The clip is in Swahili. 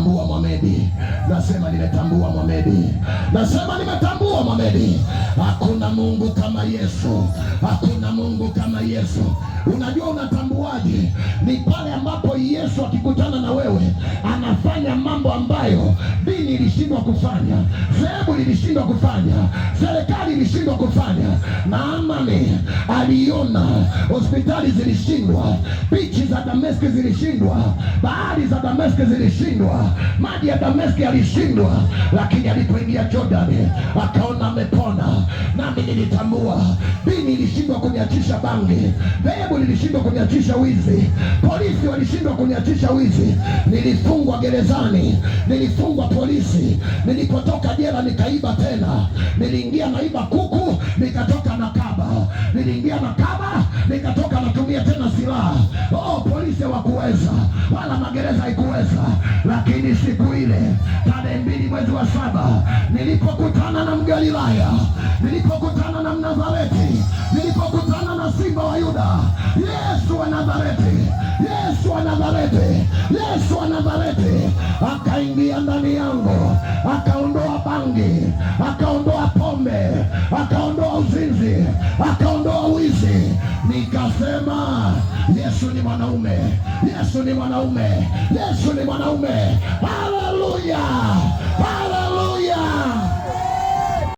nimetambua Mohamed, nasema nimetambua mwamedi nasema nimetambua mwamedi Hakuna Mungu kama Yesu, hakuna Mungu kama Yesu. Unajua unatambuaje? Ni pale ambapo Yesu akiku kufanya mambo ambayo dini ilishindwa kufanya, sehemu lilishindwa kufanya, serikali ilishindwa kufanya. Naamani aliona hospitali zilishindwa, bichi za Dameski zilishindwa, bahari za Dameski zilishindwa, maji ya Dameski yalishindwa, lakini alipoingia Jordani akaona amepona. Nami nilitambua dini ilishindwa kuniachisha bangi, dhehebu lilishindwa kuniachisha wizi walishindwa kuniachisha wizi, nilifungwa gerezani, nilifungwa polisi. Nilipotoka jela nikaiba tena, niliingia naiba kuku, nikatoka na kaba, niliingia na kaba, nikatoka natumia tena silaha. Oh, polisi hawakuweza wala magereza haikuweza, lakini siku ile tarehe mbili mwezi wa saba nilipokutana na Mgalilaya, nilipokutana na Mnazareti, nilipokutana na Simba wa Yuda, Yesu wa Nazareti Nazareti akaingia ndani yangu, akaondoa bangi, akaondoa pombe, akaondoa uzinzi, akaondoa wizi. Nikasema Yesu ni mwanaume, Yesu ni mwanaume, Yesu ni mwanaume. Haleluya!